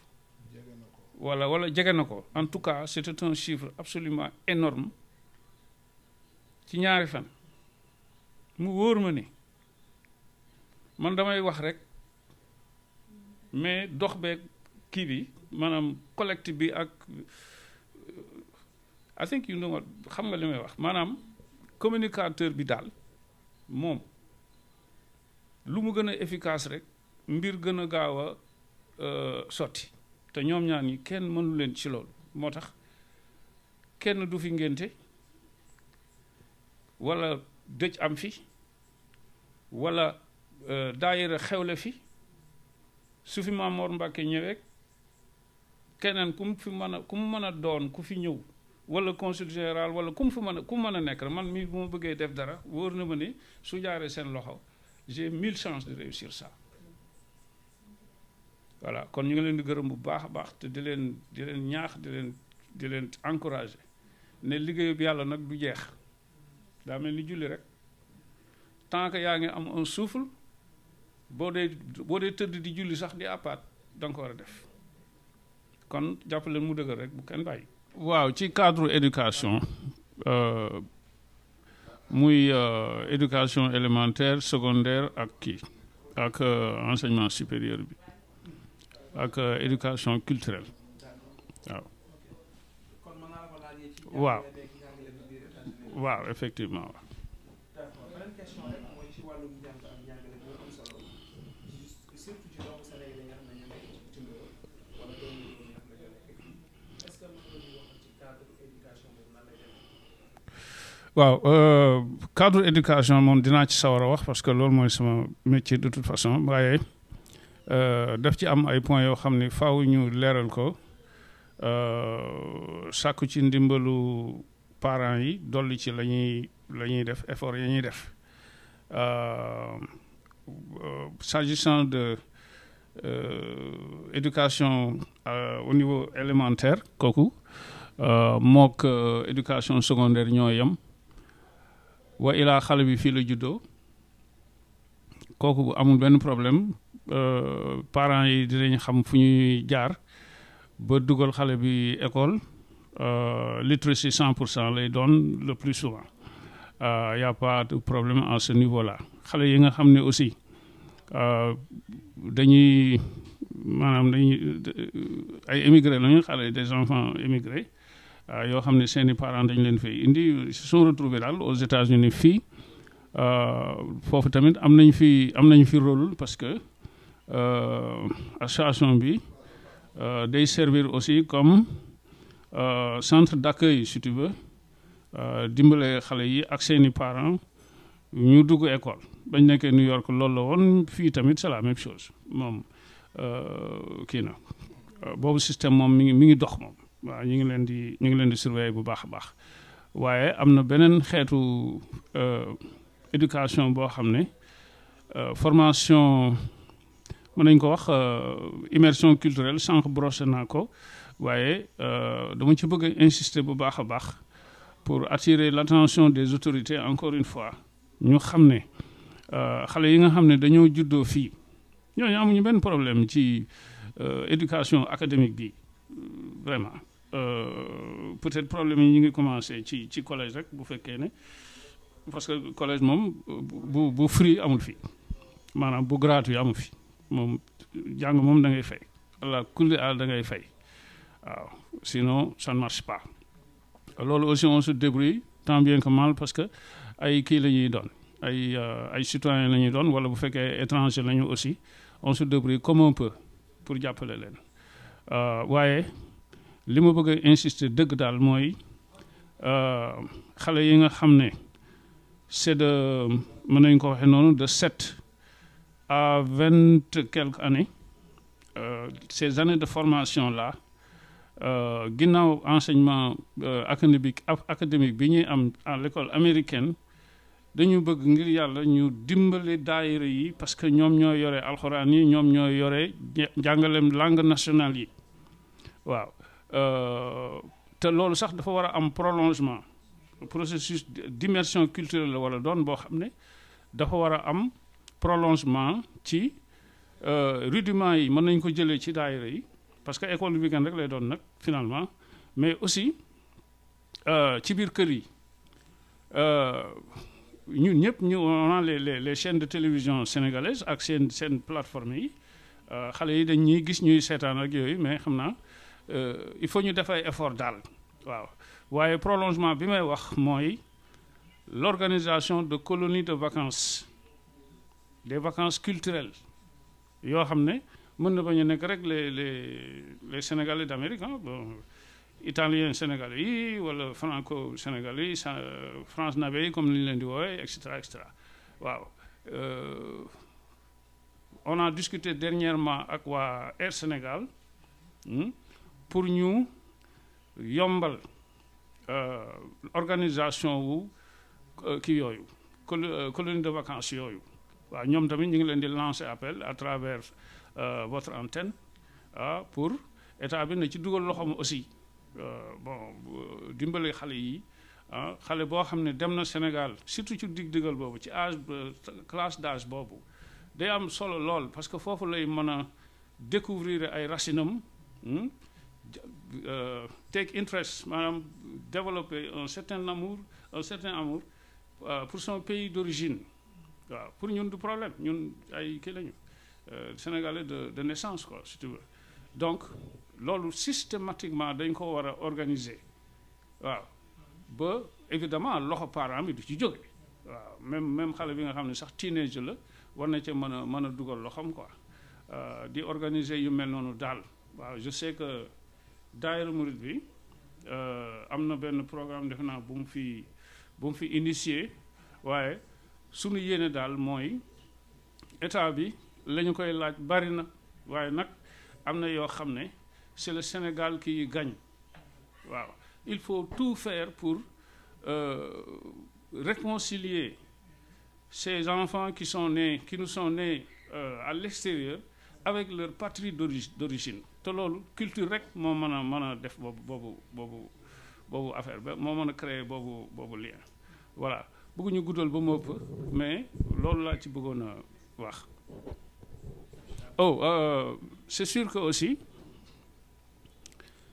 wala jege na ko en tout cas c'était un chiffre absolument énorme ci ñaari fan mu wóor ma ni man damay wax rek mais dox beeg kii bi maanaam collecte bi ak I think you know xam nga li may wax maanaam communicateur bi daal moom lu mu gën a efficace rek mbir gën a gaaw a euh, sotti te ñoom ñaan ñi kenn mënu leen ci loolu moo tax kenn du fi ngénte walla dëj am fi walla euh, daayira xewle fi su fi Maam Mor Mbàkke ñëwee keneen ku mu fi mën a ku mu mën a doon ku fi ñëw wala consul général wala comme mu fu mën a ku mën a nekk man mii bu ma bëggee def dara wóor na ma ni su jaaree seen loxo j'ai mille chances de réussir sax voilà kon ñu ngi leen di gërëm bu baax a baax te di leen di leen ñaax di leen di leen encourager ne liggéeyub yàlla nag du jeex daa mel ni julli rek tant que yaa ngi am un souffle boo dee boo dee tëdd di julli sax di àppaat da ko war a def kon jàpp leen mu dëgër rek bu kenn bàyyi. waaw ci cadre éducation euh, muy euh, éducation élémentaire secondaire ak kii ak euh, enseignement supérieur bi ak éducation culturelle waaw. waaw waaw effectivement. waaw euh, cadre éducation moom dinaa ci sawar a wax parce que loolu mooy sama métier de toute façon waaye euh, daf ci am ay points yoo xam ni faw ñu leeral ko euh, sàkku ci ndimbalu parents yi dolli ci la ñuy la ñuy def effort yi ñuy def s'agissant de éducation au niveau élémentaire kooku mook éducation secondaire ñoo yem. wa ilaa xale bi fii la juddoo kooku bu amul benn problème euh, parents yi dinañ xam fu ñuy jaar ba dugal xale bi école euh, littératie cent pour cent lay doon le plus souvent euh, y a pas de problème en ce niveau là xale yi nga xam ne aussi dañuy maanaam dañuy ay émigré lañu xale des enfants émigrés Euh, yoo xam ne seeni parent parents dañ leen fay indi se sont retrouvés daal aux États-Unis fii euh, foofu tamit am nañ fi am nañ fi rôle parce que euh, association bi day servir aussi comme centre d'accueil si tu veux dimbale xale yi ak seen i parents ñu dugg école bañ nekkee New York loolu la woon fii tamit c'est la même chose moom kii na boobu système moom mi ngi mi ngi dox moom. waaw ñu ngi leen di ñu ngi leen di surveiller bu baax a baax waaye am na beneen xeetu euh, éducation boo xam ne euh, formation mën nañ ko wax euh, immersion culturelle sànq brossé naa ko waaye dama ci bëgg a insister bu baax a baax pour attirer l'attention des autorités encore une fois ñu xam ne xale yi nga xam ne dañoo juddoo fii ñooñu amuñu benn problème ci éducation académique bi vraiment Euh, peut-être problème yi ñu ngi commencé ci ci collège rek bu fekkee ne parce que collège moom bu bu free amul fi maanaam bu gratuit amul fi moom jàng moom da ngay fay allah kulli al da ngay fay waaw sinon ça marche pas loolu aussi on se débrouille tant que mal parce que ay kii la ñuy doon ay euh, ay citoyen la ñuy doon wala bu fekkee étranger la aussi on se débrouille comme on pour jàppale leen euh, waaye. li ma bëggee a dëgg daal mooy euh, xale yi nga xam ne c'est de mën nañ ko waxee noonu de sept à vingt quelque années euh, ces années de formation là euh, ginnaaw enseignement académique académique bi ñuy am en l'école américaine dañu bëgg ngir yàlla ñu dimbali daayira yi parce que ñoom ñoo yore alxuraan yi ñoom ñoo yore jàngaleem langue nationale yi waaw Euh, te loolu sax dafa war a am prolongement processus d'immersion culturelle la wala doon boo xam ne dafa war a am prolongement ci euh, rudiments yi mën nañ ko jëlee ci daayira yi parce que école week-end rek lay doon nag finalement mais aussi euh, ci biir kër yi ñun ñëpp ñu on a les les les de télévision sénégalaises ak seen seen plateforme yi xale yi dañ ñuy gis ñuy seetaan ak yooyu mais xam naa. Euh, il faut ñu def ay effort daal waaw waaye prolongement bi may wax mooy l'organisation de colonies de vacances des vacance culturelles yoo xam ne mën na bañ a nekk rek les les les sénégalais d'Amérique ah bon italien sénégalais yi wala franco sénégalais yi euh, france nabe yi comme ni leen di woowee et cetera et cetera waaw euh, on a discuté dernièrement ak waa Air Sénégal. Hmm, pour ñu yombal euh, organisation wu euh, kii yooyu euh, colonie de vacances yooyu waa ñoom tamit ñu ngi leen di lancer appel à travers votre antenne ah pour état bi na ci dugal loxoom aussi bon dimbale xale yi ah xale boo xam ne dem na Sénégal surtout ci dig-digal boobu ci âge classe d'âge boobu day am solo lool parce que foofu lay mën a découvrir ay racinam hmm, Euh, take interest maanaam développer un certain amour un certain amour euh, pour son pays d'origine waaw pour ñun du problème ñun ay kii lañu euh, sénégalais de de naissance quoi si tu donc loolu systématiquement dañ ko war a organiser waaw ba évidemment loxo parent bi du ci jóge waaw même même xale bi nga xam ne sax teenage la war na ca mën a mën a dugal loxoom quoi di organiser yu mel noonu daal waaw je sais que daayira murit bi euh, am na benn programme def naa bu mu fi bu mu fi initié waaye sunu yéene daal mooy état bi lañu koy laaj bari na waaye nag am na yoo xam ne c'est le Sénégal qui gagne waaw il faut tout faire pour euh, réconcilier ces enfants qui sont nés qui nous sont nés euh, avec leur patrie d'origine te loolu culture rek moo mën a mën a def boobu boobu boobu boobu affaire ba moo mën a créer boobu boobu lien voilà bëgguñu guddal ba mu ëpp mais loolu laa ci bëggoon a wax oh euh, c'est sûr que aussi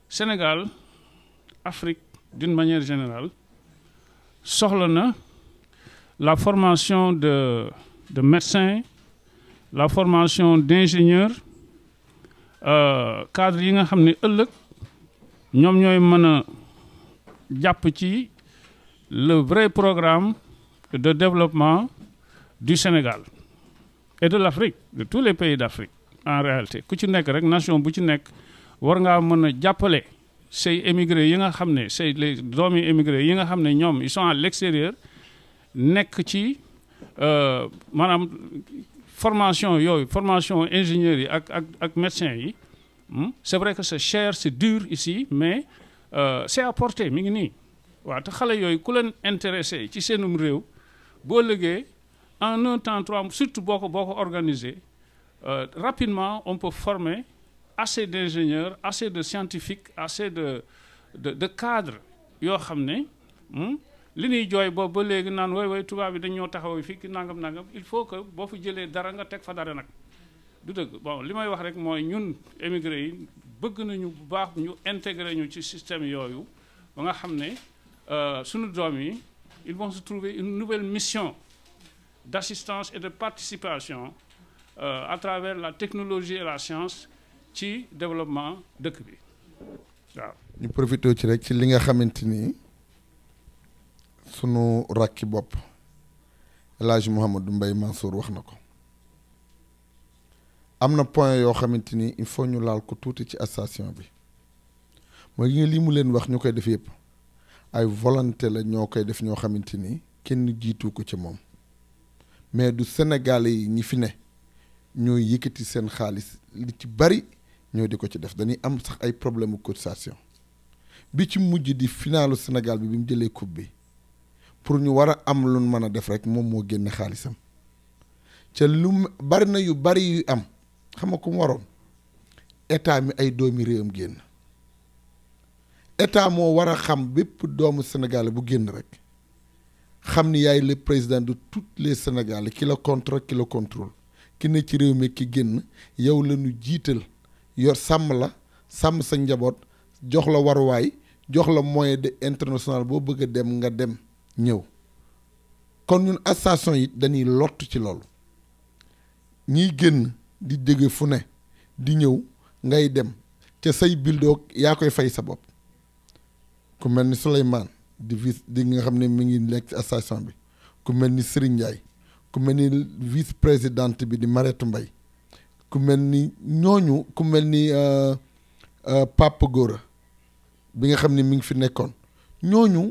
Sénégal Afrique d'une manière générale soxla na la formation de de médecins la formation d'ingénieur euh, cadre yi nga xam ne ëllëg ñoom ñooy mën a jàpp ci le vrai programme de développement du Sénégal et de l'Afrique de tous les pays d'Afrique en réalité ku ci nekk rek nation bu ci nekk war ngaa mën a jàppale say émigré yi nga xam ne say les doomi émigré yi nga xam ne ñoom ils sont à l'extérieur nekk ci euh, maanaam formation yooyu formation ingénieurs yi ak ak ak médecins yi hmm, c'est vrai que c'est cher c'est dur ici mais euh, c'est à portée mi ngi nii waaw te xale yooyu ku leen intéressé ci seenum réew boo liggéey en un temps trois surtout boo ko boo ko organisé euh, rapidement on peut former assez d'ingénieurs assez de scientifiques assez de de de cadres yoo xam ne hmm, li ñuy jooy boobu ba léegi naan woy way tubaab bi dañoo taxaw fii nangam nangam il faut que boo fa jëlee dara nga teg fa dara nag du dëgg bon li may wax rek mooy ñun émigré yi bëgg nañu bu baax ñu intégré ñu ci système yooyu ba nga xam ne euh, suñu doom yi il vont se trouver une nouvelle mission d'assistance et de participation euh, à travers la technologie et la science ci développement dëkk bi waaw.
ñu profité ci rek ci li nga xamante nii sunu rakki bopp El Hadj Mouhamadou Mbaye Mansour wax na ko am na point yoo xamante ni il faut ñu laal ko tuuti ci association bi mooy li nga lii mu leen wax ñu koy def yëpp ay volonté la ñoo koy def ñoo xamante ni kenn jiitu ko ci moom mais du Sénégalais yi ñi fi ne ñooy yëkkati seen xaalis li ci bari ñoo di ko ci def dañuy am sax ay problème cotisation bi ci mujj di finalu Sénégal bi bi mu jëlee coupe bi pour ñu war a am lu mën a def rek moom moo génn xaalisam ca lu bari na yu bari yu am xam nga ko mu waroon état mi ay doomi réewam génn état moo war a xam bépp doomu Sénégal bu génn rek xam ni yaay la président de toutes les Sénégalais ki la contre ki la contrôle ki ne ci réew mi ki génn yow lañu jiital yor sàmm la sàmm sa njaboot jox la waruwaay jox la moyen de international boo bëgg a dem nga dem ñëw kon ñun association yi dañuy lott ci loolu ñiy génn di dégg fu ne di ñëw ngay dem ca say bildoog yaa koy fay sa bopp ku mel ni Souleymane di vice di nga xam ne mi ngi nekk ci association bi ku mel ni Serigne Ndiaye ku mel ni vice présidente bi di Maretu Mbay ku mel ni ñooñu ku mel ni euh, euh, Pape Gora bi nga xam ne mi ngi fi nekkoon ñooñu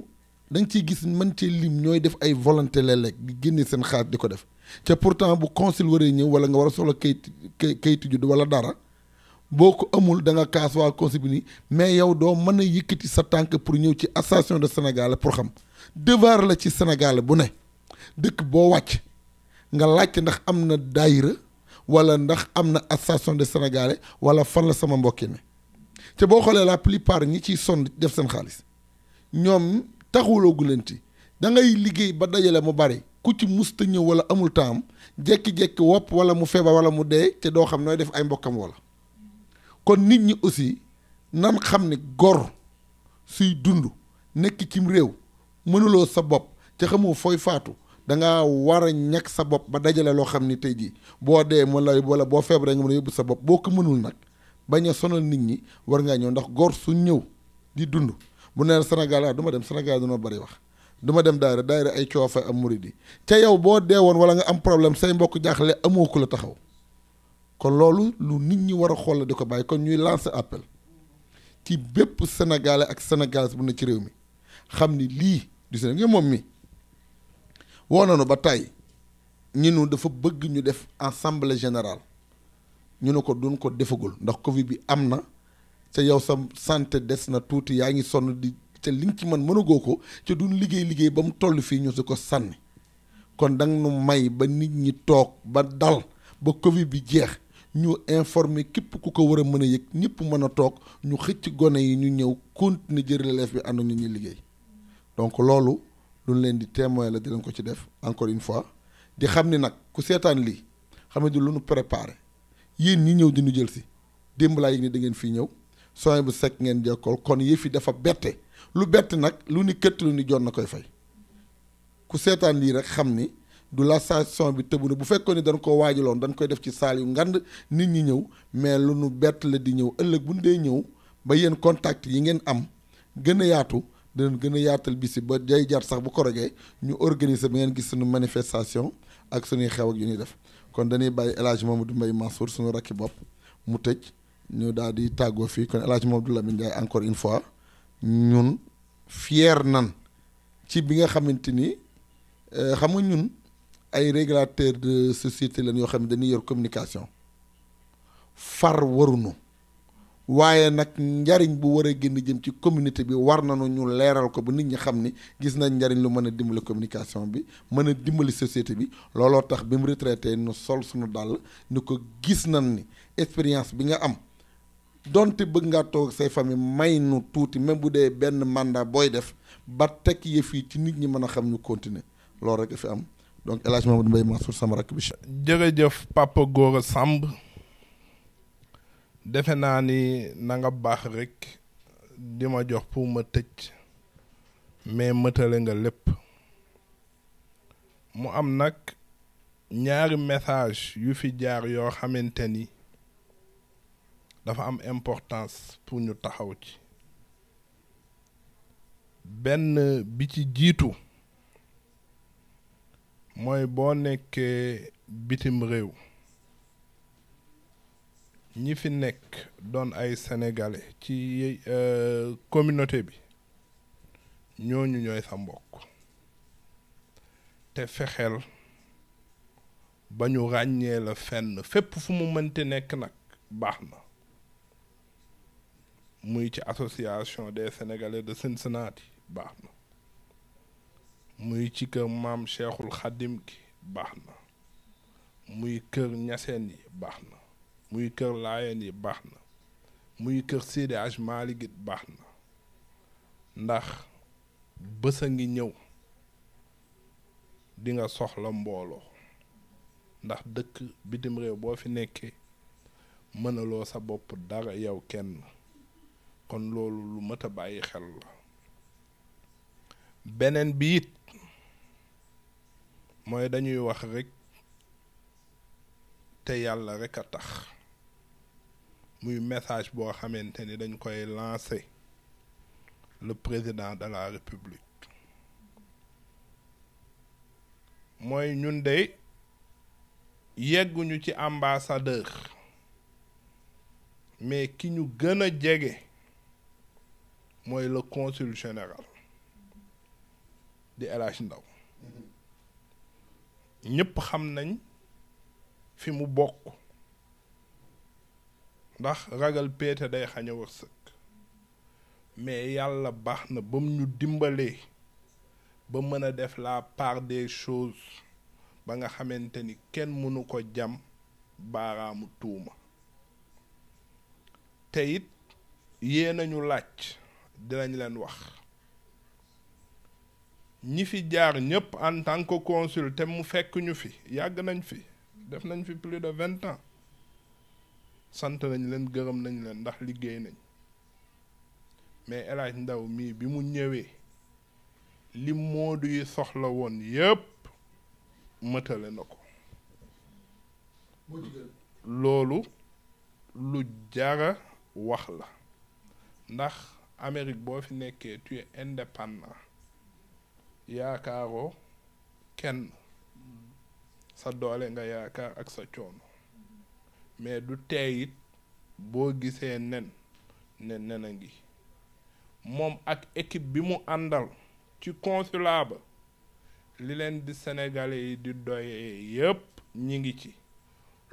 dañ nga gis man ci lim ñooy def ay volonté léeg-léeg di génne seen xaalis di ko def te pourtant bu consul waree ñëw wala nga war a soxla kayit kayitu judd wala dara boo ko amul da nga kaas waa consul bi nii mais yow doo mën a yëkkati sa tànk pour ñëw ci association de Sénégal pour xam devoir la ci Sénégal bu ne dëkk boo wàcc nga laajte ndax am na daayira wala ndax am na association de Sénégalais wala fan la sama mbokki ne te boo xoolee la plupart ñi ciy sonn def seen xaalis taxawloogu leen ci da ngay liggéey ba dajale mu bari ku ci musta ñëw wala amul taam jekki-jekki wopp wala mu feebar wala mu dee te doo xam nooy def ay mbokkam wala kon nit ñi aussi nan xam ne gor suy dund nekk cim réew mënuloo sa bopp te xamoo fooy faatu danga war a ñàkk sa bopp ba dajale loo xam ni tey jii boo dee mën la wala boo feebaree nga mën yóbbu sa bopp boo ko mënul nag bañ a sonal nit ñi war ngaa ñëw ndax gor su ñëw di dund bu neen Sénégal ah dem Sénégal duna bari wax du ma dem daayira daayira ay coofay am murid yi te yow boo dee woon wala nga am problème say mbokk jaaxle amoo ku la taxaw kon loolu lu nit ñi war a xool la di ko bàyyi kon ñuy lancer appel ci bépp sénégalais ak sénégalais bu ne ci réew mi xam ni lii du Sénégal moom mi woo nañu ba tey ñu nu dafa bëgg ñu def assemblée générale ñu ne ko dun ko defagul ndax Covid bi am na. te yow sa santé des na tuuti yaa ngi sonn di te li nga ci man mënagoo ko te du liggéey liggéey ba mu toll fii ñu si ko sànni kon da nu may ba nit ñi toog ba dal ba Covid bi jeex ñu informer képp ku ko war a mën a yëg ñëpp mën a toog ñu xëcc gone yi ñu ñëw continuer jël relève bi ànd ñu ñuy liggéey donc loolu lu leen di témoin la di leen ko ci def encore une fois di xam ni nag ku seetaan lii xam ne di lu nu préparé yéen ñi ñëw di ñu jël si démb laa yëg ni fii ñëw. soin bu sekk ngeen jokkool kon yëf yi dafa bette lu bett nag lu ni këtt lu ni jot na koy fay ku seetaan lii rek xam ni du la station bi tëbu na bu fekkoon ni dañ koo waajaloon dañ koy def ci saal yu ngand nit ñi ñëw mais lu nu bett la di ñëw ëllëg bu ñu dee ñëw ba yéen contact yi ngeen am gën a yaatu dinañ gën a yaatal bisi ba day jar sax bu ko korogee ñu organiser ba ngeen gis suñu manifestation ak suñuy xew ak yu ñuy def kon dañuy bàyyi El Hadj Mamadou Mbaye Mansour suñu rakki bopp mu tëj ñu daal di tàggoo fii kon El Hadj Mamadou Lamine Ndiaye encore une fois ñun fier nan ci bi nga xamante ni euh, xam nga ñun ay régulateur de société lañ yoo xam ne dañu yor communication far warunu waaye nag njariñ bu war a génn jëm ci communité bi war nañu ñu leeral ko ba nit ñi xam ni gis nañ njariñ lu mën a dimbali communication bi mën a dimbali société bi looloo tax bi mu retraité nu sol suñu dàll ni ko gis nañ ni expérience bi nga am donte bëgg nga toog say famille may nu tuuti même bu dee benn mandat booy def ba tekk yëf yi ci nit ñi mën a xam ñu continuer loolu rek fi am donc El Hadj Mamadou Mbaye Mansour sama rakk bi.
jëf Papa Gora sàmb defe naa ni nanga nga baax rek di ma jox pour ma tëj mais mëtale nga lépp mu am nag ñaari message yu fi jaar yoo xamante ni. dafa am importance pour ñu taxaw ci benn bi ci jiitu mooy boo nekkee bitim réew ñi fi nekk doon ay sénégalais ci euh, communauté bi ñooñu ñooy sa mbokk te fexeel ba ñu ràññee la fenn fépp fu mu mënti nekk nag baax na muy ci association des sénégalais de Cincinnati baax na muy ci kër maam Cheikhul Khadim gi baax na muy kër ñaseen yi baax na muy kër laayeen yi baax na muy kër Seydi Aj Maalik baax na ndax bés a ngi ñëw dinga soxla mbooloo ndax dëkk bitim réew boo fi nekkee mënaloo sa bopp dara yow kenn kon loolu lu mat a bàyyi xel la beneen bi it mooy dañuy wax rekk te yàlla rekk a tax muy message boo xamante ni dañ koy lancer le président de la république mooy ñun de yegguñu ci ambassadeur mais ki ñu gën a jege mooy la consul général di El Hadj Ndaw ñépp xam nañ fi mu bokk ndax ragal péete day xañ a wërsëg mais yàlla baax na ba mu ñu dimbalee ba mën a def la part de chose ba nga xamante ni kenn mënu ko jam baaraamu tuuma te it yée nañu laaj dinañ leen wax ñi fi jaar ñëpp en tant que consul te mu fekkuñu fi yàgg nañ fi def nañ fi plus de vingt ans sant nañ leen gërëm nañ leen ndax liggéey nañ mais El ndaw Ndao mii bi mu ñëwee li moodu yi soxla woon yëpp mëtale na ko loolu lu jara wax la ndax Amérique boo fi nekkee tu es indépendant yaakaaroo kenn sa doole nga yaakaar ak sa coono mais du tey boo gisee nen ne nen a ngi moom ak équipe bi mu àndal ci consulat ba li leen di senegale yi di doyee yépp ñi ngi ci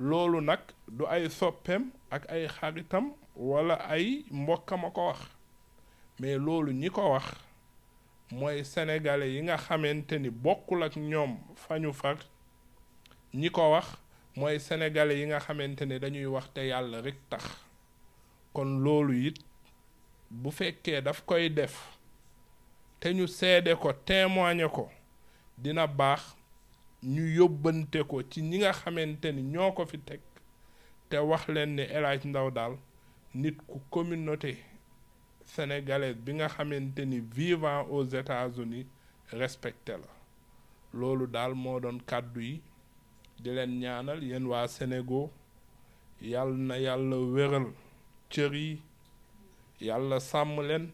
loolu nag du ay soppeem ak ay xaritam walla ay mbokkam a ko wax mais loolu ñi ko wax mooy sénégalais yi nga xamante ni bokkul ak ñoom fañu fa ñi ko wax mooy sénégalais yi nga xamante ni dañuy wax te yàlla rek tax kon loolu it bu fekkee daf koy def te ñu seede ko témoigner ko dina baax ñu yóbbante ko ci ñi nga xamante ni ñoo ko fi teg te wax leen ni El ndaw daal nit ku communauté sénégalaise bi nga xamante ni vivant aux États-Unis respecté la loolu daal moo doon kàddu yi di leen ñaanal yéen waa Sénégal yàll na yàlla wéral cër yi yàlla sàmm leen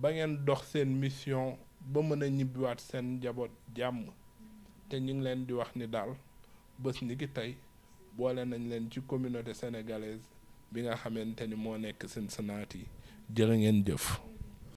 ba ngeen dox seen mission ba mën a ñibbiwaat seen njaboot jàmm te ñu ngi leen di wax ni daal bés ni ki tey boole nañ leen ci communauté sénégalaise bi nga xamante ni moo nekk seen Cincinnati yi jërë ngeen jëf